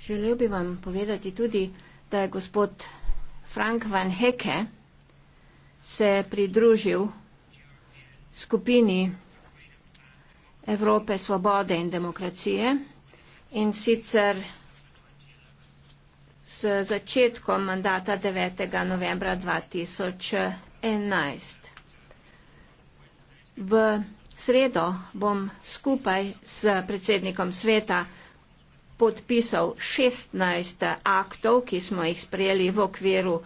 Želel bi vam povedati tudi, da je gospod Frank van Heke se pridružil skupini Evrope svobode in demokracije in sicer s začetkom mandata 9. novembra 2011. V sredo bom skupaj s predsednikom sveta podpisal 16 aktov, ki smo jih sprejeli v okviru